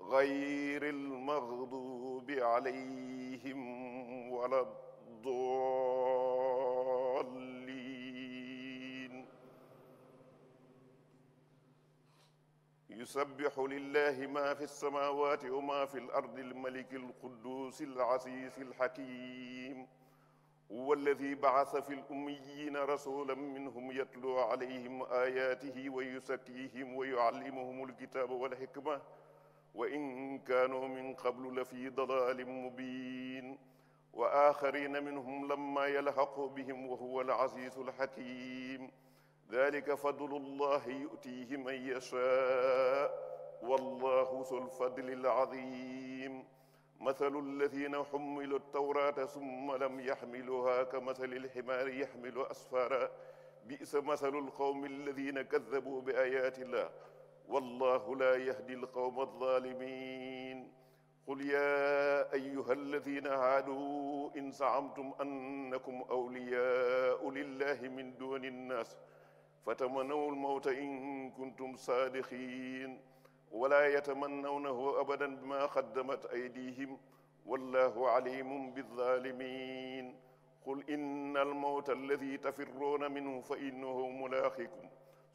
غير المغضوب عليهم ولا الضالين يسبح لله ما في السماوات وما في الأرض الملك القدوس العزيز الحكيم هو الذي بعث في الأميين رسولا منهم يتلو عليهم آياته ويزكيهم ويعلمهم الكتاب والحكمة wa in kaanu min qablu la fi dalaalin mubiin wa aaxariina minhum lammaa yalhaqu bihim wa huwa al-aziizu al-hakiim daalika fadlu llaahi yu'tiihi man yashaa wallaahu zul fadli al-aziim مثل الذين حملوا التوراة ثم لم يحملوها كمثل الحمار يحمل أسفارا بئس مثل القوم الذين كذبوا بآيات الله والله لا يهدي القوم الظالمين قل يا أيها الذين هادوا إن زعمتم أنكم أولياء لله من دون الناس فتمنوا الموت إن كنتم صادقين ولا يتمنونه أبدا بما قدمت أيديهم والله عليم بالظالمين قل إن الموت الذي تفرون منه فإنه ملاقكم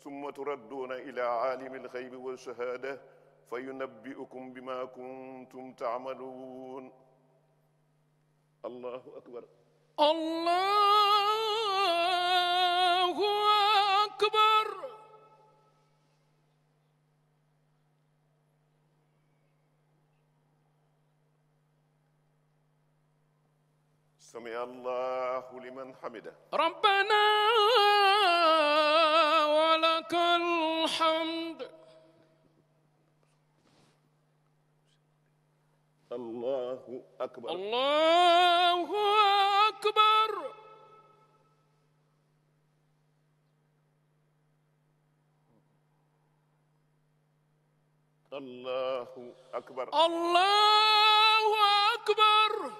summa turadduuna ilaa aalimi alxaybi wa shahaada fa yunabbi'ukum bimaa kuntum ta'maluun allahu akbar allahu akbar sami'a allahu liman hamidah rabbanaa لك الحمد الله أكبر الله أكبر الله أكبر الله أكبر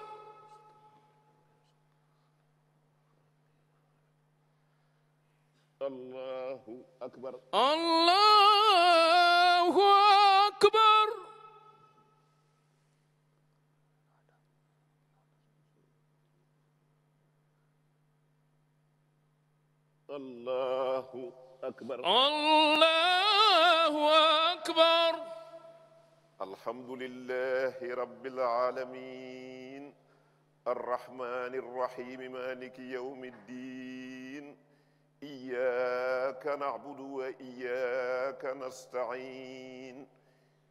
allahu akbar allahu akbar allahu akbar allahu akbar alhamdulillahi rabbil alamin arrahmani arrahim maliki yawmi ddin إياك نعبد وإياك نستعين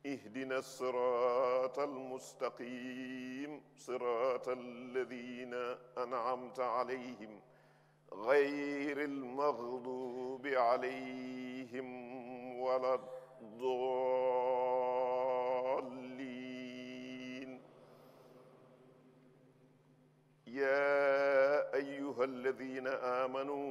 اهدنا الصراط المستقيم صراط الذين أنعمت عليهم غير المغضوب عليهم ولا الضالين يا أيها الذين آمنوا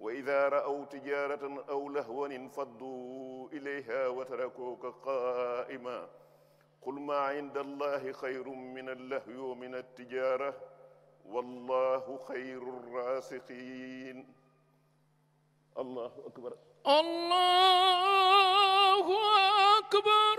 wa ida raaw tijaratan aw lahwan infadduu ilayha wa tarakuuka qaa'ima qul maa inda allahi xayrun min allahwi wa min attijaara wallahu xayru raasiqiin allahu akbar allahu akbar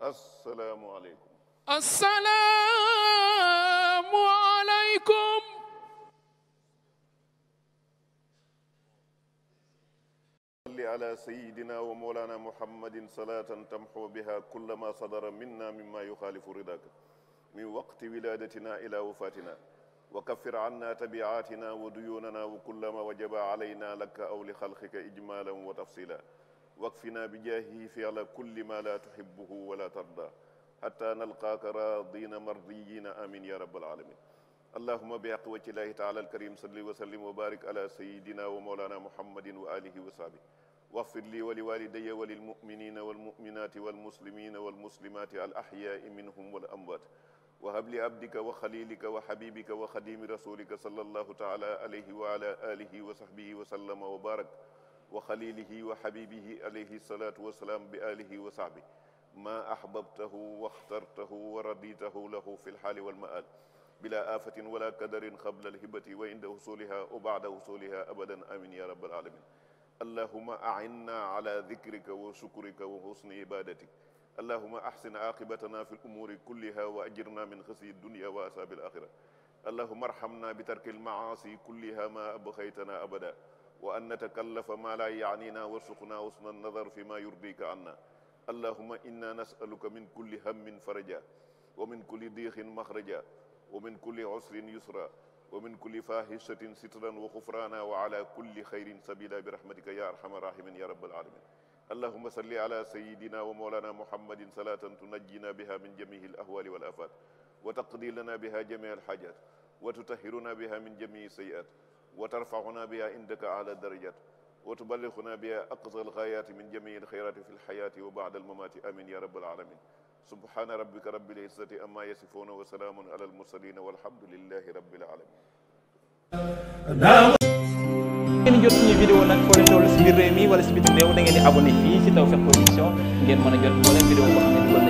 asalaamualeykum. asalaamualeykum. salli ala sayyidina wa mawlana muhammadin salatan tamxu biha kulla ma sadara minna mimma yuxaalifu ridak min waqti wiladatina ila wafatina wa kaffir anna tabiatina wa duyunana wa kulla ma wajaba alayna laka aw li xalqika ijmalan wa tafsila wakfina bi jaahihi fi'la kulli ma la tuhibbuhu wa la tarda hatta nalqaaka raadina mardiyina amin ya rabbal alamin allahuma bihaq wajhillahi taala alkarim salli wa sallim wa barik ala sayidina wa mawlana muhammadin wa alihi wa sahbi واغفر لي ولوالدي وللمؤمنين والمؤمنات والمسلمين والمسلمات الأحياء منهم والأموات وهب لي عبدك وخليلك وحبيبك وخديم رسولك صلى الله تعالى عليه وعلى آله وصحبه وسلم وبارك wa xalilihi wa xabibihi alayhi salaatu wa salaam bi alihi wa sahbi ma ahbabtahu wa axtartahu wa raditahu lahu fi lxaali walmaal bila afatin wala kadarin qabla alhibati wa inda husuliha wa bada husuliha abadan amin ya rabbal alamin allahuma ainna ala dikrika wa shukrika wa husni ibadatik allahuma axsin aqibatana fi lumuuri kulliha wa ajirna min xasi dunia wa asaabi alaxira allahuma arhamna bi tarki almaasi kulliha ma abxaytana abada wa an natakallafa ma laa yaaniina warsuqnaa husna nazar fi maa yurdika anna allahuma inna nasaluka min kulli hammin faraja wa min kulli diixin maxraja wa min kulli usrin yusra wa min kulli fahishatin sitran wa xufraana wa ala kulli xayrin sabila bi rahmatika ya arxama rahimin ya rabbal alamin allahuma salli ala sayidina wa mawlana muhammadin salatan tunajjina biha min jamihi al ahwali wal afat wa taqdi lana biha jami al xaajat wa tutahiruna biha min jamihi sayiat wa tarfaxuna biha indaka ala darajat wa tuballighuna biha aqsa alghayati min jamii alxayrati fi lxayaati wa baada almamaati amin ya rabbal alamin subhana rabbika rabbil izzati amma yasifuna wa salaamun ala almursalina walhamdulillahi rabbil alamin ngeen jot ñu vidéo nag foo leen toll si biir réew mi wala si biti réew da ngeen di abonné fii si Tawfekh Production ngeen mën a jot moo leen vidéo boo xam ne